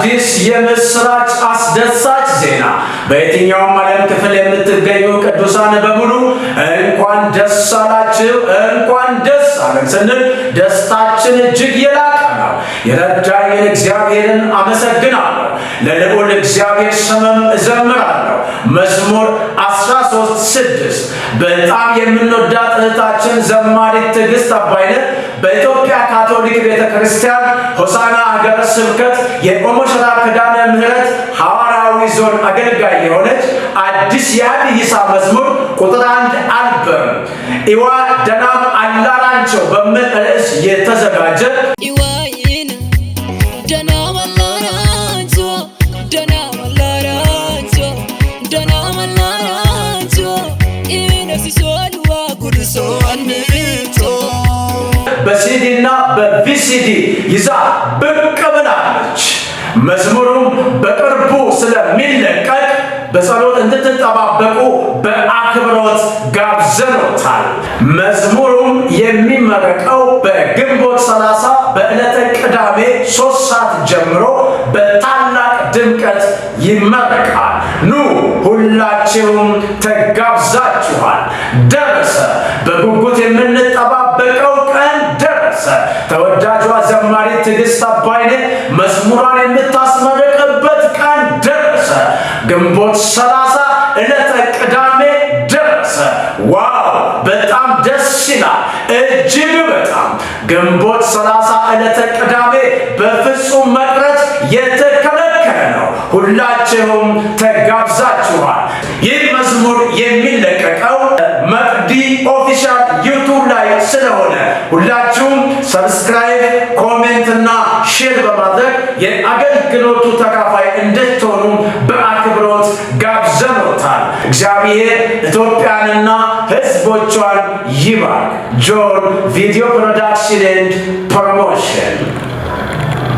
አዲስ የምስራች አስደሳች ዜና በየትኛውም ዓለም ክፍል የምትገኙ ቅዱሳን በሙሉ እንኳን ደስ አላችሁ፣ እንኳን ደስ አለን ስንል ደስታችን እጅግ የላቀ ነው። የረዳኝን እግዚአብሔርን አመሰግናለሁ። ለልዑል እግዚአብሔር ስምም እዘምራለሁ። መዝሙር 13 ስድስት በጣም የምንወዳት እህታችን ዘማሪት ትዕግስት አባይነት በኢትዮጵያ ካቶሊክ ቤተ ክርስቲያን ሆሳና ሀገረ ስብከት የኦሞሸራ ክዳነ ምሕረት ሐዋርያዊ ዞን አገልጋይ የሆነች አዲስ የአዲስ መዝሙር ቁጥር አንድ አልበም ኢዋ ደናም አላራንቸው በምን ርዕስ የተዘጋጀ በሲዲ በቪሲዲ ይዛ ብቅ ብላለች። መዝሙሩም በቅርቡ ስለሚለቀቅ በጸሎት እንድትጠባበቁ በአክብሮት ጋብዘኖታል። መዝሙሩም የሚመረቀው በግንቦት ሰላሳ በዕለተ ቅዳሜ ሶስት ሰዓት ጀምሮ በታላ ድምቀት ይመረቃል። ኑ ሁላችሁም ተጋብዛችኋል። ደረሰ፣ በጉጉት የምንጠባበቀው ቀን ደረሰ። ተወዳጇ ዘማሪ ትዕግስት አባይነህ መዝሙሯን የምታስመረቅበት ቀን ደረሰ። ግንቦት ሰላሳ ዕለተ ቅዳሜ ደረሰ። ዋው በጣም ደስ ይላል። እጅግ በጣም ግንቦት ሰላሳ ዕለተ ቅዳሜ በፍጹም መ ሁላችሁም ተጋብዛችኋል። ይህ መዝሙር የሚለቀቀው መቅዲ ኦፊሻል ዩቱብ ላይ ስለሆነ ሁላችሁም ሰብስክራይብ፣ ኮሜንት እና ሼር በማድረግ የአገልግሎቱ ተካፋይ እንድትሆኑ በአክብሮት ጋብዘኖታል። እግዚአብሔር ኢትዮጵያንና ህዝቦቿን ይባል ጆን ቪዲዮ ፕሮዳክሽን ኤንድ ፕሮሞሽን